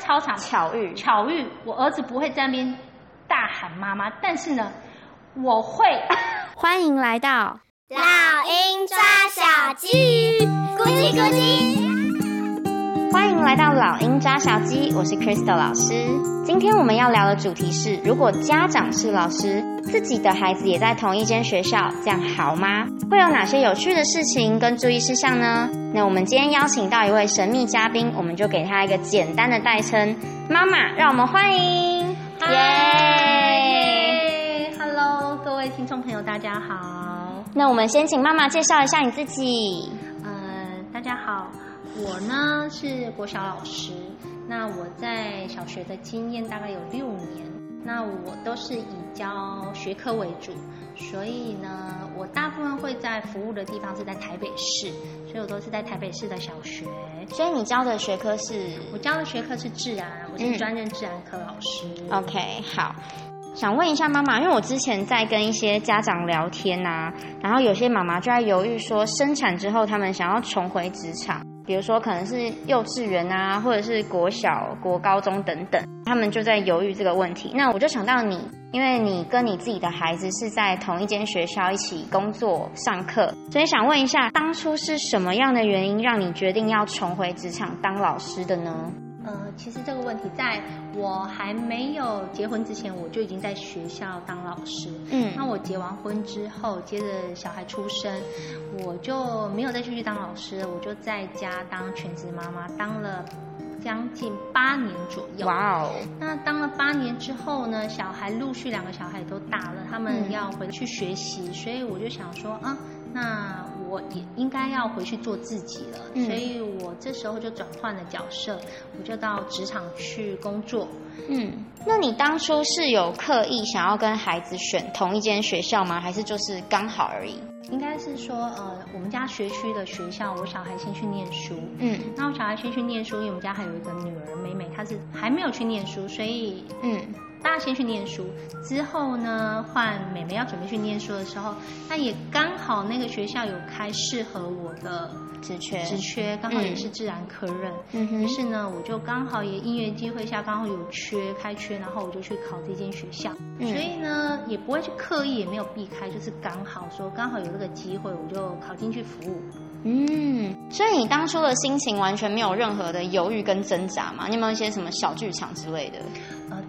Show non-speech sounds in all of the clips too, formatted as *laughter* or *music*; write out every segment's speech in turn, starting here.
操場巧遇巧遇，我兒子不會在那邊大喊媽媽，但是呢，我會、啊、歡迎來到老英抓小雞，咕嘰咕嘰。歡迎來到老英抓小雞，我是 Crystal 老師。今天我們要聊的主題是，如果家長是老師。自己的孩子也在同一間學校，這樣好嗎？會有哪些有趣的事情跟注意事項呢？那我們今天邀請到一位神秘嘉賓，我們就給他一個簡單的代稱——媽媽。讓我們歡迎！耶！Hello，各位聽眾朋友，大家好。那我們先請媽媽介紹一下你自己。呃，大家好，我呢是國小老師，那我在小學的經驗大概有六年。那我都是以教學科為主，所以呢，我大部分會在服務的地方是在台北市，所以我都是在台北市的小學。所以你教的學科是？我教的學科是自然，我是專任自然科老師，嗯。OK，好。想問一下媽媽，因為我之前在跟一些家長聊天吶，啊，然後有些媽媽就在猶豫說，生產之後他們想要重回職場。比如說，可能是幼稚園啊，或者是國小、國高中等等，他們就在猶豫這個問題。那我就想到你，因為你跟你自己的孩子是在同一間學校一起工作、上課，所以想問一下，當初是什麼樣的原因讓你決定要重回職場當老師的呢？呃，其實這個問題在我還沒有結婚之前，我就已經在學校當老師。嗯，那我結完婚之後，接着小孩出生，我就沒有再繼續當老師了，我就在家當全職媽媽，當了將近八年左右。哇哦！那當了八年之後呢，小孩陸續兩個小孩都大了，他們要回去學習，嗯、所以我就想說啊，那。我也應該要回去做自己了，嗯，所以我這時候就轉換了角色，我就到職場去工作。嗯，那你當初是有刻意想要跟孩子選同一間學校嗎？還是就是剛好而已？應該是說，呃，我們家學區的學校，我小孩先去念書。嗯，那我小孩先去念書，因為我們家還有一個女兒美美，她是還沒有去念書，所以嗯。大家先去念書，之後呢，換妹妹要準備去念書的時候，那也剛好那個學校有開適合我的職缺，職缺剛好也是自然科任，嗯。嗯哼，但是呢，我就剛好也因緣機會下剛好有缺開缺，然後我就去考這間學校。嗯，所以呢，也不會去刻意也沒有避開，就是剛好說剛好有這個機會，我就考進去服務。嗯，所以你當初的心情完全沒有任何的猶豫跟掙扎嗎？你有沒有一些什麼小劇場之類的？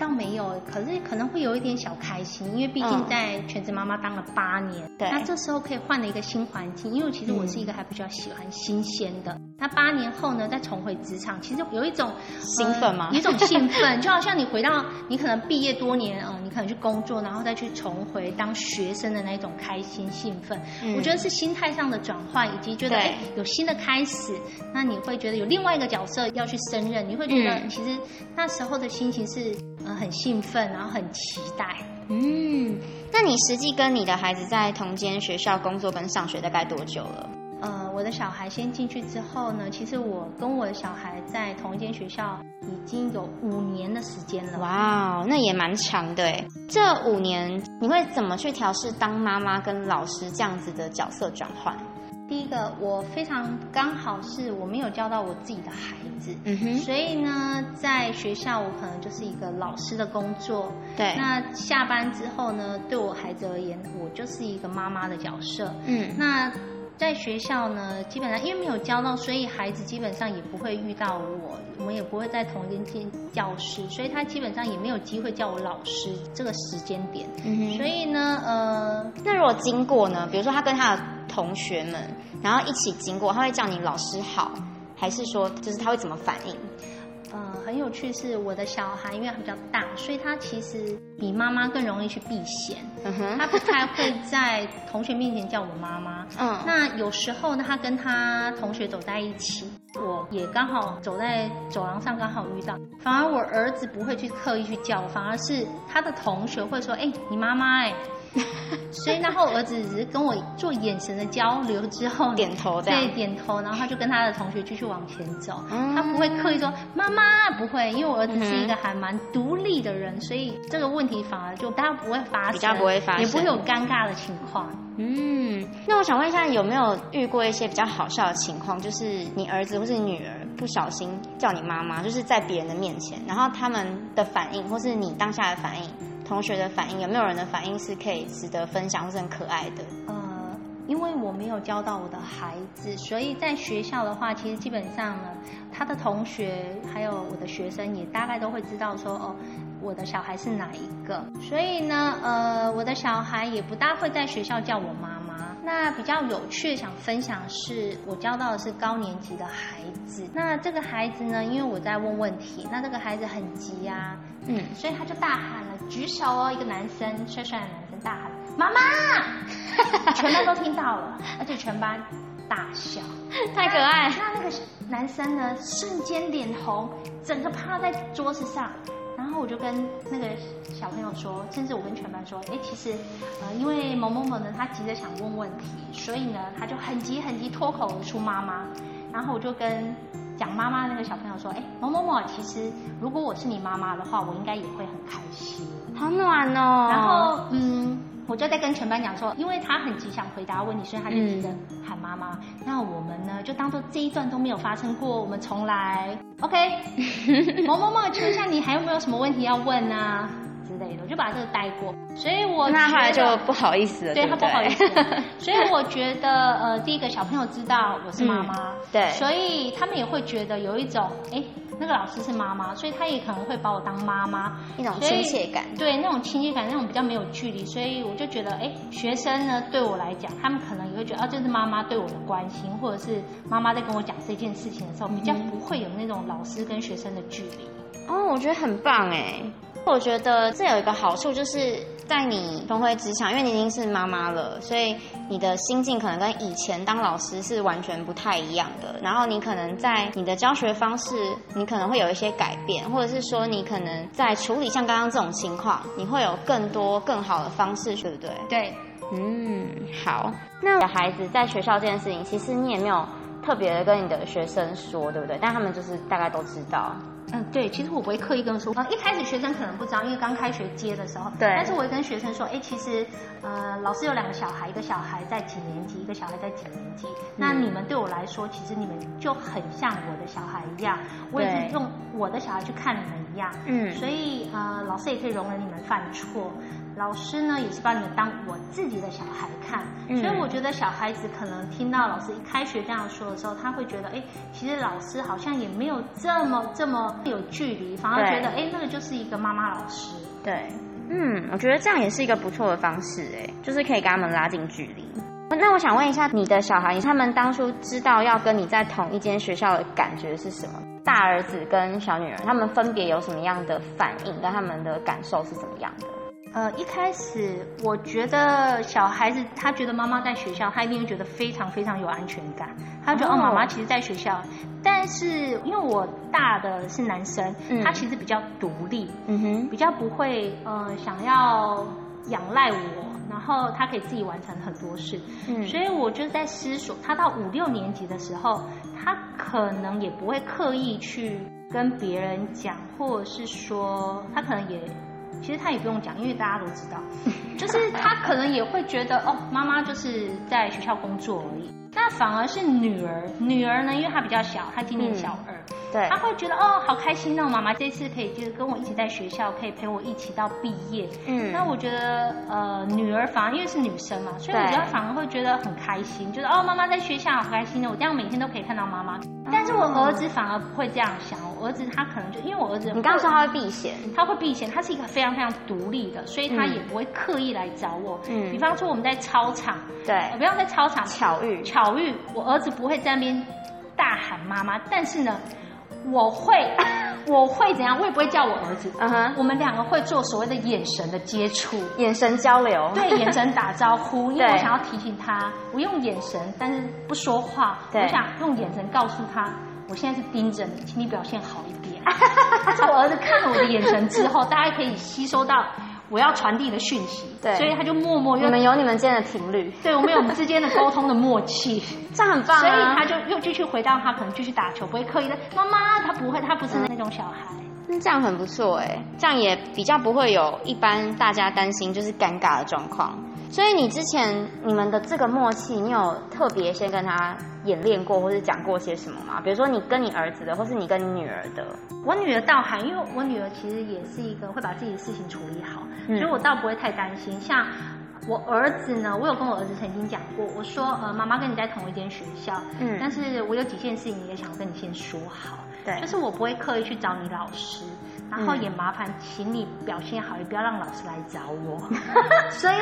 倒沒有，可是可能會有一點小開心，因為畢竟在全職媽媽當了八年、嗯對，那這時候可以換了一個新環境。因為其實我是一個還比較喜歡新鮮的。嗯、那八年後呢，再重回職場，其實有一種、呃、興奮嗎？一種興奮， *laughs* 就好像你回到你可能畢業多年啊、呃，你可能去工作，然後再去重回當學生的那一種開心興奮。嗯、我覺得是心態上的轉換，以及覺得誒、有新的開始，那你會覺得有另外一個角色要去勝任，你會覺得、嗯、其實那時候的心情是。呃很興奮，然後很期待。嗯，那你實際跟你的孩子在同間學校工作跟上學大概多久了？呃，我的小孩先進去之後呢，其實我跟我的小孩在同一間學校已經有五年的時間了。哇、wow，那也蠻長，對。這五年你會怎麼去調適當媽媽跟老師這樣子的角色轉換？第一個，我非常剛好是我沒有教到我自己的孩子，嗯哼，所以呢，在學校我可能就是一個老師的工作，對。那下班之後呢，對我孩子而言，我就是一個媽媽的角色，嗯。那在學校呢，基本上因為沒有教到，所以孩子基本上也不會遇到我，我們也不會在同一間教室，所以他基本上也沒有機會叫我老師這個時間點。嗯哼，所以呢，呃，那如果經過呢，比如說他跟他的。同學們，然後一起經過，他會叫你老師好，還是說，就是他會怎麼反應？嗯、呃，很有趣是，我的小孩因為他比較大，所以他其實比媽媽更容易去避嫌，嗯，他不太會在同學面前叫我媽媽。嗯， *laughs* 那有時候呢，他跟他同學走在一起，我也剛好走在走廊上，剛好遇到。反而我兒子不會去刻意去叫，反而是他的同學會說：“哎、欸，你媽媽哎、欸。” *laughs* 所以，然後兒子只是跟我做眼神的交流之後點，點頭，對，點頭，然後他就跟他的同學繼續往前走。嗯、他不會刻意說“媽媽”，不會，因為我兒子是一個還蠻獨立的人，嗯、所以這個問題反而就大家不會發生，比較不會發生，也不會有尷尬的情況。嗯，那我想問一下，有沒有遇過一些比較好笑的情況？就是你兒子或是女兒不小心叫你媽媽，就是在別人的面前，然後他們的反應或是你當下的反應？同學的反應，有沒有人的反應是可以值得分享，或很可愛的？呃，因為我沒有教到我的孩子，所以在學校的話，其實基本上呢，他的同學還有我的學生也大概都會知道說，哦，我的小孩是哪一個。所以呢，呃，我的小孩也不大會在學校叫我媽媽。那比較有趣的想分享是我教到的是高年級的孩子。那這個孩子呢，因為我在問問題，那這個孩子很急啊，嗯，所以他就大喊。舉手哦！一個男生，帥帥的男生，大喊：“媽媽！”全班都聽到了， *laughs* 而且全班大笑，太可愛那。那那個男生呢，瞬間臉紅，整個趴在桌子上。然後我就跟那個小朋友說，甚至我跟全班說：“哎，其實，呃，因為某某某呢，他急着想問問題，所以呢，他就很急很急脫口而出‘媽媽’。然後我就跟講媽媽那個小朋友說：‘哎，某某某，其實如果我是你媽媽的話，我應該也會很開心。’”好暖哦，然後嗯，我就在跟全班講說，因為他很急想回答問題，所以他就急着喊媽媽。那我們呢，就當做這一段都沒有發生過，我們重來。OK，某某某，請問一下，你還有沒有什麼問題要問啊？之類的，我就把這個帶過，所以我那後來就不好意思了。對，對不對？他不好意思，所以我覺得 *laughs* 呃，第一個小朋友知道我是媽媽、嗯，對，所以他們也會覺得有一種哎、欸，那個老師是媽媽，所以他也可能會把我當媽媽，一種親切感，對，那種親切感，那種比較沒有距離，所以我就覺得哎、欸，學生呢對我來講，他們可能也會覺得哦，這、啊就是媽媽對我的關心，或者是媽媽在跟我講這件事情的時候，比較不會有那種老師跟學生的距離、嗯嗯。哦，我覺得很棒哎、欸。我覺得這有一個好處，就是在你重回職場，因為你已經是媽媽了，所以你的心境可能跟以前當老師是完全不太一樣的。然後你可能在你的教學方式，你可能會有一些改變，或者是說你可能在處理像剛剛這種情況，你會有更多更好的方式，對不對？對，嗯，好。那孩子在學校這件事情，其實你也沒有特別的跟你的學生說，對不對？但他們就是大概都知道。嗯，對，其實我不會刻意跟人說、呃。一開始學生可能不知道，因為剛開學接的時候，對。但是我會跟學生說，哎，其實，呃，老師有兩個小孩，一個小孩在幾年級，一個小孩在幾年級、嗯。那你們對我來說，其實你們就很像我的小孩一樣，我也是用我的小孩去看你們一樣。嗯。所以，呃，老師也可以容忍你們犯錯。老師呢，也是把你們當我自己的小孩看、嗯，所以我覺得小孩子可能聽到老師一開學這樣說的時候，他會覺得哎、欸，其實老師好像也沒有這麼這麼有距離，反而覺得哎、欸，那個就是一個媽媽老師。對，嗯，我覺得這樣也是一個不錯的方式、欸，哎，就是可以跟他們拉近距離。那我想問一下，你的小孩他們當初知道要跟你在同一間學校的感覺是什麼？大兒子跟小女兒，他們分別有什麼樣的反應？跟他們的感受是怎麼樣的？呃，一開始我覺得小孩子他覺得媽媽在學校，他一定會覺得非常非常有安全感。他覺得哦，哦，媽媽其實在學校。但是因為我大的是男生，嗯、他其實比較獨立，嗯哼、比較不會呃想要仰賴我，然後他可以自己完成很多事，嗯。所以我就在思索，他到五六年級的時候，他可能也不會刻意去跟別人講，或者是說他可能也。其實他也不用講，因為大家都知道，就是他可能也會覺得哦，媽媽就是在學校工作而已。那反而是女兒，女兒呢，因為她比較小，她今年小二，嗯、對，她會覺得哦，好開心哦，我媽媽這次可以就是跟我一起在學校，可以陪我一起到畢業。嗯，那我覺得呃，女兒反而因為是女生嘛，所以我覺得反而會覺得很開心，就是哦，媽媽在學校好開心哦，我這樣每天都可以看到媽媽。但是我兒子反而不會這樣想。我兒子他可能就因為我兒子，你剛，剛說他會避嫌，他會避嫌，他是一個非常非常獨立的，所以他也不會刻意來找我。嗯，比方說我們在操場，對、嗯，不要在操場，在操場巧遇巧遇，我兒子不會在那邊大喊媽媽，但是呢，我會我會怎樣？我也不會叫我兒子，嗯哼我，我們兩個會做所謂的眼神的接觸，眼神交流，對，眼神打招呼， *laughs* 因為我想要提醒他，我用眼神，但是不說話，對，我想用眼神告訴他。我現在是盯着你，請你表現好一點。從、啊、我兒子看了我的眼神之後， *laughs* 大家可以吸收到我要傳遞的訊息，對，所以他就默默。你們有你們之間的頻率？對，我們有我們之間的溝通的默契， *laughs* 這樣很棒，啊。所以他就又繼續回到他可能繼續打球，不會刻意的。媽媽，他不會，他不是那種小孩。那、嗯、這樣很不錯哎、欸，這樣也比較不會有一般大家擔心就是尷尬的狀況。所以你之前你們的這個默契，你有特別先跟他。演練過或是講過些什麼嗎？比如說你跟你兒子的，或是你跟你女兒的。我女兒倒還，因為我女兒其實也是一個會把自己的事情處理好，嗯，所以我倒不會太擔心。像我兒子呢，我有跟我兒子曾經講過，我說呃，媽媽跟你在同一間學校，嗯，但是我有幾件事情，也想跟你先說好，對，就是我不會刻意去找你老師。然後也麻煩，請你表現好，也不要讓老師來找我。 *laughs* 所以，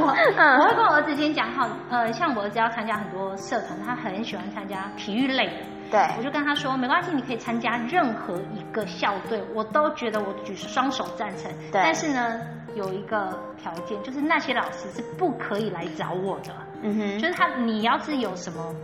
我我會跟我兒子今天講好，呃，像我兒子要參加很多社團，他很喜歡參加體育類。對，我就跟他說，沒關係，你可以參加任何一個校隊，我都覺得我舉雙手贊成。對，但是呢，有一個條件，就是那些老師是不可以來找我的。嗯哼，就是他，你要是有什麼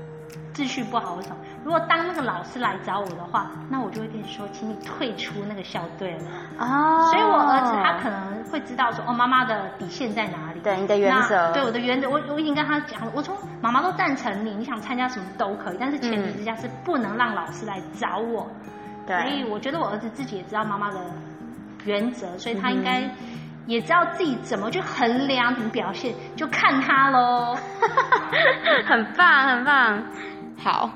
秩序不好，或什麼。如果當那個老師來找我的話，那我就會跟你說，請你退出那個校隊了。啊、oh. 所以我兒子他可能會知道說，哦，媽媽的底線在哪裡，對，你的原則，對，我的原則，我我已經跟他講了。我說媽媽都贊成你，你想參加什麼都可以，但是前提之下是不能讓老師來找我。對、mm -hmm.，所以我覺得我兒子自己也知道媽媽的原則，所以他應該也知道自己怎麼去衡量你的表現，就看他嘍。 *laughs* 很棒，很棒，好。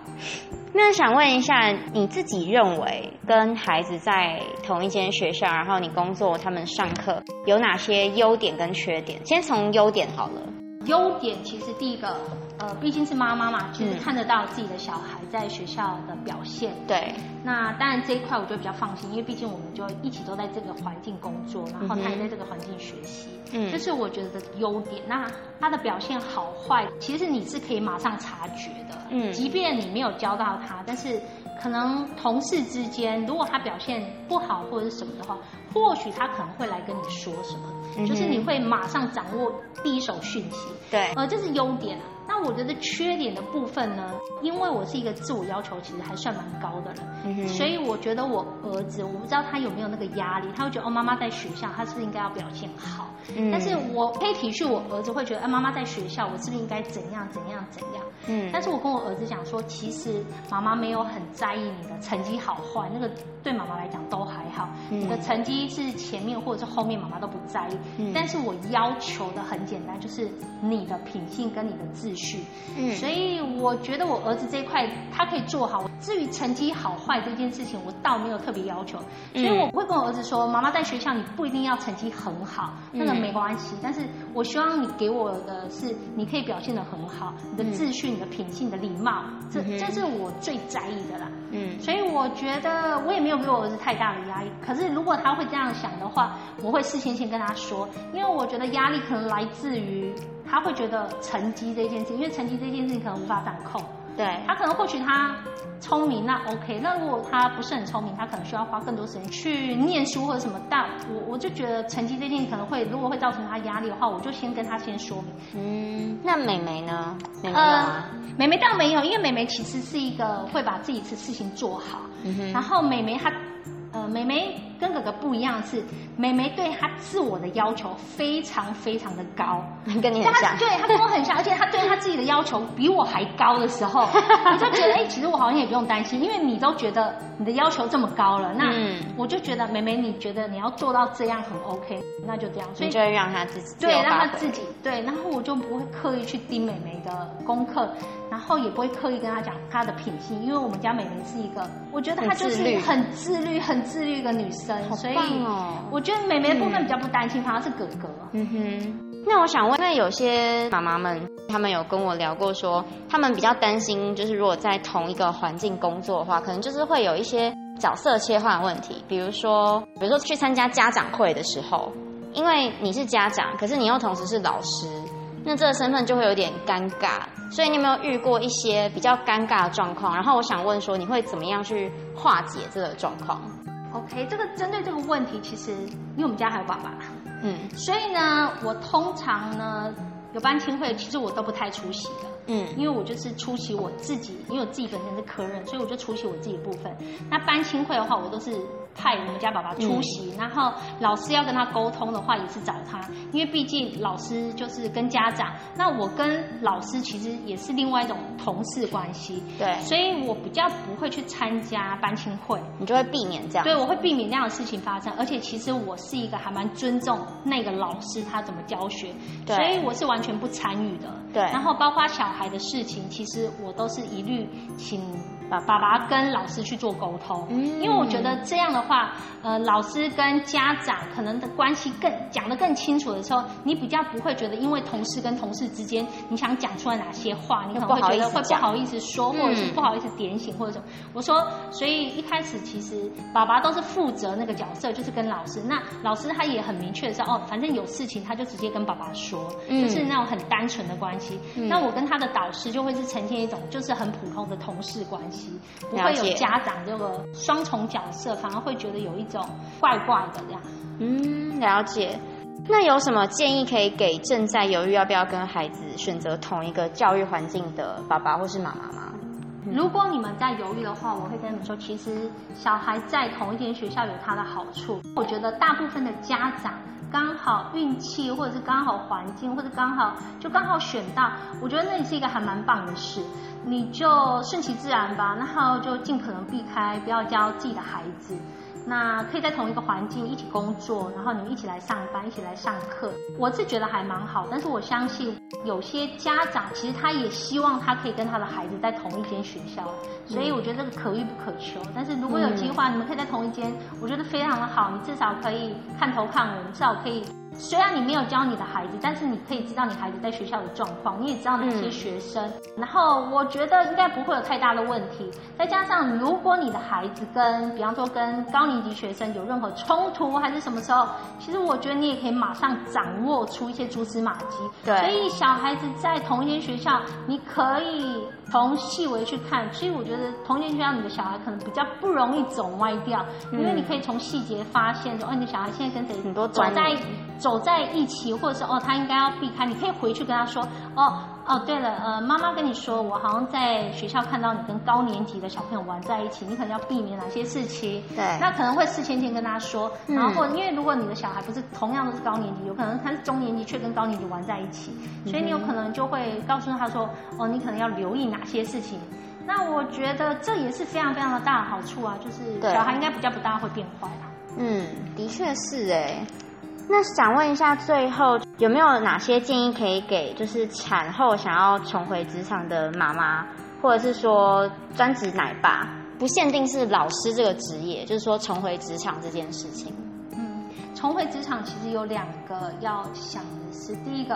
那想問一下，你自己認為跟孩子在同一間學校，然後你工作，他們上課有哪些優點跟缺點？先從優點好了。優點其實第一個，呃，畢竟是媽媽嘛，就是看得到自己的小孩在學校的表現。嗯、對。那當然這一塊我就比較放心，因為畢竟我們就一起都在這個環境工作，然後他也在這個環境學習。嗯。這、就是我覺得的優點。那他的表現好壞，其實你是可以馬上察覺的。嗯。即便你沒有教到他，但是。可能同事之間，如果他表現不好或者是什麼的話，或許他可能會來跟你說什麼，就是你會馬上掌握第一手訊息。對，嗯，呃，這是優點啊。那我覺得缺點的部分呢，因為我是一個自我要求其實還算蠻高的人。嗯，所以我覺得我兒子，我不知道他有沒有那個壓力，他會覺得哦，媽媽在學校，他是不是應該要表現好？嗯。但是我可以體恤我兒子會覺得，哎，媽媽在學校，我是不是應該怎樣怎樣怎樣？嗯。但是我跟我兒子講說，其實媽媽沒有很在意你的成績好壞，那個對媽媽來講都還好。嗯。你的成績是前面或者是後面，媽媽都不在意。嗯。但是我要求的很簡單，就是你的品性跟你的自。去、嗯，所以我覺得我兒子這一塊他可以做好。至於成績好壞這件事情，我倒沒有特別要求。所以我不會跟我兒子說：“媽、嗯、媽在學校你不一定要成績很好，那個沒關係。嗯”但是我希望你給我的是，你可以表現的很好，嗯、你的秩序、你的品性、你的禮貌，這這、嗯嗯，就是我最在意的啦。嗯，所以我覺得我也沒有給我兒子太大的壓力。可是如果他會這樣想的話，我會事先先跟他說，因為我覺得壓力可能來自於。他會覺得成績這件事情，因為成績這件事情可能無法掌控。對，他可能或許他聰明，那 OK。那如果他不是很聰明，他可能需要花更多時間去念書或者什麼。但我我就覺得成績這件事情可能會，如果會造成他壓力的話，我就先跟他先說明。嗯，那美眉呢？美眉？呃，美眉倒沒有，因為美眉其實是一個會把自己的事情做好。嗯哼。然後美眉她，呃，美眉。跟哥哥不一樣的是，妹妹對她自我的要求非常非常的高，跟你很像她。對， *laughs* 她跟我很像，而且她對她自己的要求比我還高的時候，你 *laughs* 就覺得哎、欸，其實我好像也不用擔心，因為你都覺得你的要求這麼高了，那我就覺得嗯、妹妹你覺得你要做到這樣很 OK，那就這樣，所以你就會讓她自己對，讓她自己對，然後我就不會刻意去盯妹妹的功課，然後也不會刻意跟她講她的品性，因為我們家妹妹是一個，我覺得她就是一個很自律、很自律的，自律的女生。好棒、哦，所以，我覺得妹妹的部分比較不擔心，嗯、反而是哥哥。嗯哼。那我想問，因為有些媽媽們，他們有跟我聊過說，說他們比較擔心，就是如果在同一個環境工作的話，可能就是會有一些角色切換問題。比如說，比如說去參加家長會的時候，因為你是家長，可是你又同時是老師，那這個身份就會有點尷尬。所以你有沒有遇過一些比較尷尬的狀況？然後我想問說，你會怎麼樣去化解這個狀況？OK，這個針對這個問題，其實因為我們家還有爸爸，嗯，所以呢，我通常呢有班親會，其實我都不太出席的，嗯，因為我就是出席我自己，因為我自己本身是科任，所以我就出席我自己的部分。那班親會的話，我都是，派我們家爸爸出席，嗯，然後老師要跟他溝通的話也是找他，因為畢竟老師就是跟家長。那我跟老師其實也是另外一種同事關係，對，所以我比較不會去參加班親會，你就會避免這樣，對，我會避免那樣的事情發生。而且其實我是一個還蠻尊重那個老師他怎麼教學，對，所以我是完全不參與的，對。然後包括小孩的事情，其實我都是一律請爸爸爸跟老師去做溝通，嗯，因為我覺得這樣的話。話，呃，老師跟家長可能的關係更講得更清楚的時候，你比較不會覺得，因為同事跟同事之間，你想講出來哪些話，你可能會覺得會不好意思說，或者是不好意思點醒，或者怎麼？我說，所以一開始其實爸爸都是負責那個角色，就是跟老師。那老師他也很明確說，哦，反正有事情他就直接跟爸爸說，就是那種很單純的關係。嗯、那我跟他的導師就會是呈現一種就是很普通的同事關係，不會有家長這個雙重角色，反而會。我覺得有一種怪怪的這樣，嗯，了解。那有什麼建議可以給正在猶豫要不要跟孩子選擇同一個教育環境的爸爸或是媽媽嗎？嗯，如果你們在猶豫的話，我會跟你們說，其實小孩在同一間學校有他的好處。我覺得大部分的家長剛好運氣，或者是剛好環境，或者剛好就剛好選到，我覺得那是一個還蠻棒的事。你就順其自然吧，那然後就盡可能避開，不要教自己的孩子。那可以在同一個環境一起工作，然後你們一起來上班，一起來上課，我是覺得還蠻好。但是我相信有些家長其實他也希望他可以跟他的孩子在同一間學校，所以我覺得這個可遇不可求。但是如果有機會、嗯，你們可以在同一間，我覺得非常的好。你至少可以看頭看尾，你至少可以。雖然你沒有教你的孩子，但是你可以知道你孩子在學校的狀況，你也知道哪些學生。嗯。然後我覺得應該不會有太大的問題。再加上，如果你的孩子跟，比方說跟高年級學生有任何衝突，還是什麼時候，其實我覺得你也可以馬上掌握出一些蛛絲馬跡。對，所以小孩子在同一間學校，你可以。從細微去看，其實我覺得童年去讓你的小孩可能比較不容易走歪掉，因為你可以從細節發現說、嗯、哦，你的小孩現在跟誰在很多走在走在一起，或者是哦，他應該要避開，你可以回去跟他說哦。哦，對了，呃，媽媽跟你說，我好像在學校看到你跟高年級的小朋友玩在一起，你可能要避免哪些事情？對，那可能會事先先跟他說、嗯。然後，因為如果你的小孩不是同樣都是高年級，有可能他是中年級卻跟高年級玩在一起，所以你有可能就會告訴他說、嗯，哦，你可能要留意哪些事情。那我覺得這也是非常非常的大的好處啊，就是小孩應該比較不大會變壞吧、啊。嗯，的確是哎。那想問一下，最後。有沒有哪些建議可以給，就是產後想要重回職場的媽媽，或者是說專職奶爸，不限定是老師這個職業，就是說重回職場這件事情？嗯，重回職場其實有兩個要想的是，第一個。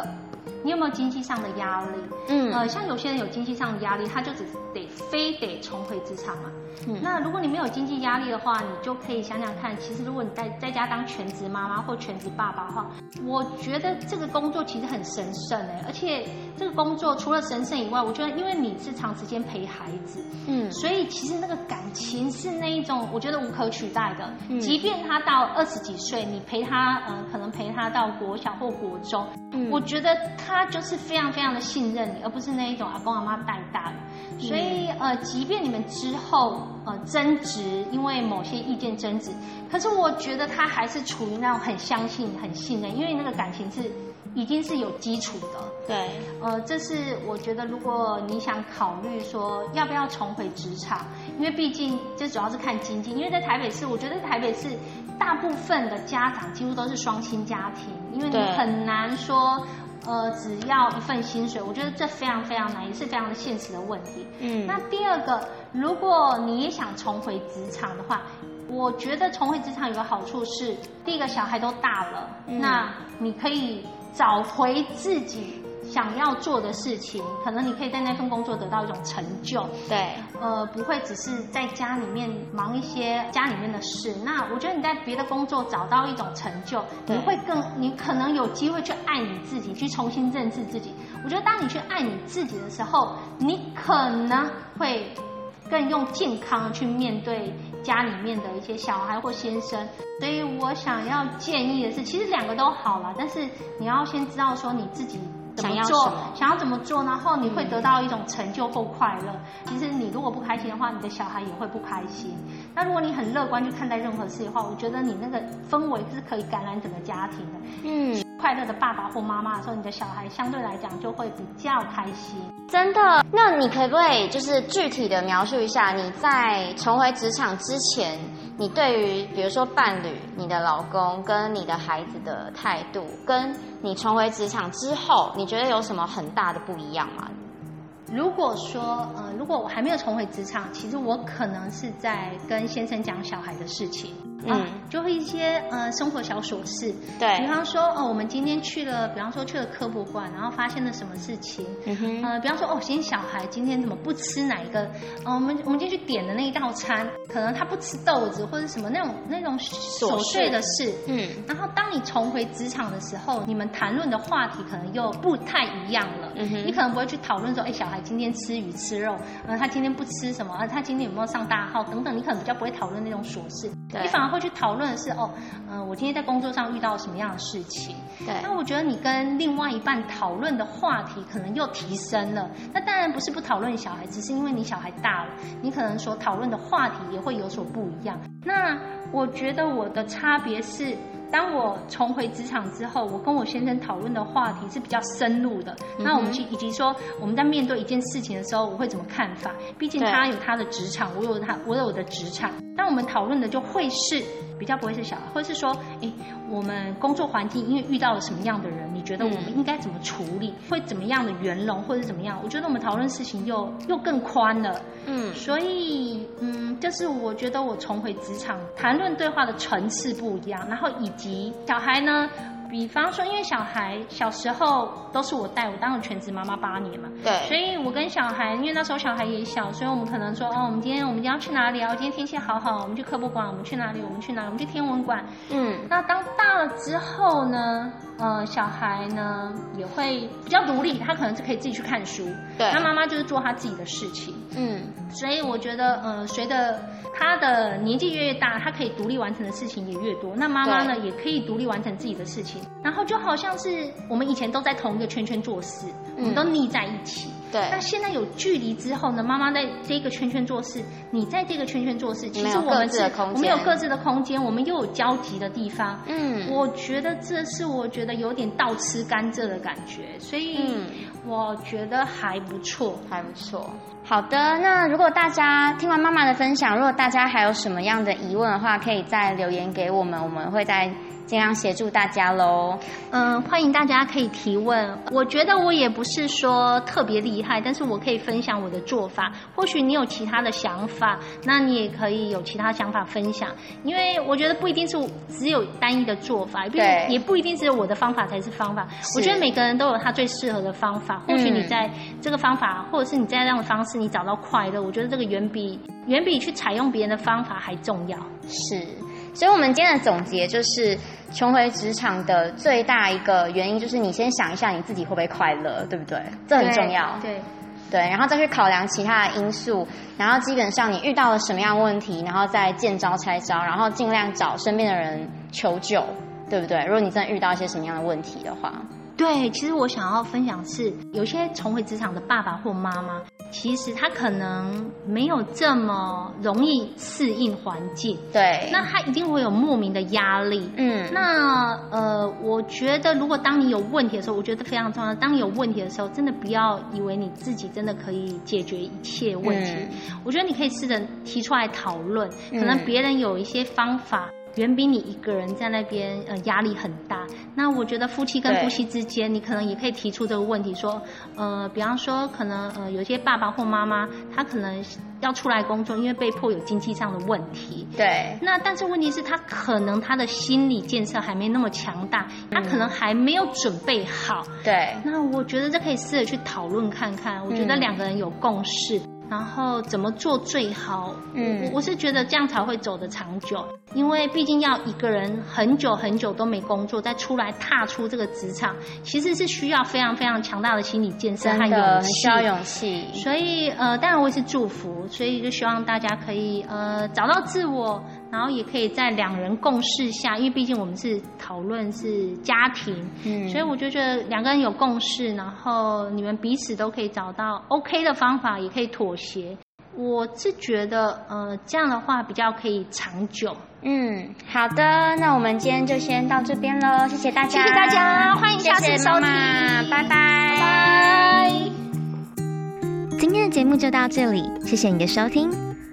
你有沒有經濟上的壓力？嗯，呃，像有些人有經濟上的壓力，他就只得非得重回職場嘛。嗯，那如果你沒有經濟壓力的話，你就可以想想看，其實如果你在在家當全職媽媽或全職爸爸的話，我覺得這個工作其實很神聖哎、欸，而且這個工作除了神聖以外，我覺得因為你是長時間陪孩子，嗯，所以其實那個感情是那一種，我覺得無可取代的。嗯，即便他到二十幾歲，你陪他，呃，可能陪他到國小或國中，嗯、我覺得。他就是非常非常的信任你，而不是那一種阿公阿媽帶大的。所以、嗯、呃，即便你們之後呃爭執，因為某些意見爭執，可是我覺得他還是處於那種很相信、很信任，因為那個感情是已經是有基礎的。對，呃，這是我覺得，如果你想考慮說要不要重回職場，因為畢竟這主要是看經濟，因為在台北市，我覺得在台北市大部分的家長幾乎都是雙親家庭，因為你很難說。呃，只要一份薪水，我覺得這非常非常難，也是非常現實的問題。嗯，那第二個，如果你也想重回職場的話，我覺得重回職場有個好處是，第一個小孩都大了，嗯，那你可以找回自己，想要做的事情，可能你可以在那份工作得到一種成就。對。呃，不會只是在家裡面忙一些家裡面的事。那我覺得你在別的工作找到一種成就，你會更，你可能有機會去愛你自己，去重新認識自己。我覺得當你去愛你自己的時候，你可能會更用健康去面對家裡面的一些小孩或先生。所以我想要建議的是，其實兩個都好了，但是你要先知道說你自己。怎麼做，想要什麼？想要怎麼做？然後你會得到一種成就或快樂。嗯，其實你如果不開心的話，你的小孩也會不開心。那如果你很樂觀去看待任何事的話，我覺得你那個氛圍是可以感染整個家庭的。嗯，快樂的爸爸或媽媽的時候，你的小孩相對來講就會比較開心。真的？那你可不可以就是具體的描述一下你在重回職場之前？你對於比如說伴侶、你的老公跟你的孩子的態度，跟你重回職場之後，你覺得有什麼很大的不一樣嗎？如果說，呃，如果我還沒有重回職場，其實我可能是在跟先生講小孩的事情。嗯，啊、就會一些呃生活小瑣事，對，比方說哦，我們今天去了，比方說去了科博館，然後發現了什麼事情，嗯哼，呃，比方說哦，今天小孩今天怎麼不吃哪一個？哦、呃，我們我們進去點的那一道餐，可能他不吃豆子或者什麼，那種那種瑣碎的事，嗯，然後當你重回職場的時候，你們談論的話題可能又不太一樣了。嗯，你可能不會去討論說，哎，小孩今天吃魚吃肉，呃，他今天不吃什麼？啊、他今天有沒有上大號等等，你可能比較不會討論那種瑣事，對，你反而。會去討論的是哦，嗯，呃，我今天在工作上遇到什麼樣的事情。對，那我覺得你跟另外一半討論的話題可能又提升了。那當然不是不討論小孩，只是因為你小孩大了，你可能所討論的話題也會有所不一樣。那我覺得我的差別是。當我重回職場之後，我跟我先生討論的話題是比較深入的。嗯、那我們去以及說我們在面對一件事情的時候，我會怎麼看法？畢竟他有他的職場，我有他，我有我的職場。但我們討論的就會是比較不會是小孩，或會是說，哎，我們工作環境因為遇到了什麼樣的人，你覺得我們應該怎麼處理？嗯、會怎麼樣的圓融，或者是怎麼樣？我覺得我們討論事情又又更寬了。嗯，所以嗯，就是我覺得我重回職場談論對話的層次不一樣，然後以及。小孩呢？比方說，因為小孩小時候都是我帶，我當了全職媽媽八年嘛，對，所以我跟小孩，因為那時候小孩也小，所以我們可能說，哦，我們今天我們今天要去哪裡啊，哦？今天天氣好好，我們去科博館，我們去哪裡？我們去哪裡？我們去哪裡？我們去天文館。嗯，那當大了之後呢？呃，小孩呢也會比較獨立，他可能是可以自己去看書，對，那媽媽就是做他自己的事情。嗯，所以我覺得，呃，隨着他的年紀越越大，他可以獨立完成的事情也越多，那媽媽呢也可以獨立完成自己的事情。然後就好像是我們以前都在同一個圈圈做事，嗯、我們都膩在一起。對。那現在有距離之後呢？媽媽在這個圈圈做事，你在這個圈圈做事，其實我們是，空間，我們有各自的空間，我們又有交集的地方。嗯。我覺得這是我覺得有點倒吃甘蔗的感覺，所以我覺得還不錯，還不錯。好的，那如果大家聽完媽媽的分享，如果大家還有什麼樣的疑問的話，可以再留言給我們，我們會再。這樣協助大家嘍。嗯，歡迎大家可以提問。我覺得我也不是說特別厲害，但是我可以分享我的做法。或許你有其他的想法，那你也可以有其他想法分享。因為我覺得不一定是只有單一的做法，也不一定只有我的方法才是方法是。我覺得每個人都有他最適合的方法。或許你在這個方法，嗯、或者是你在那樣的方式，你找到快樂。我覺得這個遠比遠比去採用別人的方法還重要。是。所以，我們今天的總結就是，重回職場的最大一個原因就是，你先想一下你自己會不會快樂，對不對？這很重要。對，對，然後再去考量其他的因素，然後基本上你遇到了什麼樣的問題，然後再見招拆招，然後盡量找身邊的人求救，對不對？如果你真的遇到一些什麼樣的問題的話。對，其實我想要分享是，有些重回職場的爸爸或媽媽，其實他可能沒有這麼容易適應環境。對，那他一定會有莫名的壓力。嗯，那呃，我覺得如果當你有問題的時候，我覺得非常重要。當你有問題的時候，真的不要以為你自己真的可以解決一切問題。嗯，我覺得你可以試着提出來討論，可能別人有一些方法。遠比你一個人在那邊呃壓力很大。那我覺得夫妻跟夫妻之間，你可能也可以提出這個問題說，呃，比方說可能呃有些爸爸或媽媽，他可能要出來工作，因為被迫有經濟上的問題。對。那但是問題是，他可能他的心理建設還沒那麼強大、嗯，他可能還沒有準備好。對。那我覺得這可以試着去討論看看，我覺得兩個人有共識。嗯然後怎麼做最好？嗯，我我是覺得這樣才會走得長久，因為畢竟要一個人很久很久都沒工作，再出來踏出這個職場，其實是需要非常非常強大的心理建設和勇氣。真的需要勇氣。所以呃，當然我也是祝福，所以就希望大家可以呃找到自我。然後也可以在兩人共識下，因為畢竟我們是討論是家庭，嗯，所以我就覺得兩個人有共識，然後你們彼此都可以找到 OK 的方法，也可以妥協。我是覺得，呃，這樣的話比較可以長久。嗯，好的，那我們今天就先到這邊了，謝謝大家，謝謝大家，歡迎下次收聽，謝謝媽媽，拜拜，拜拜。今天的節目就到這裡，謝謝你的收聽。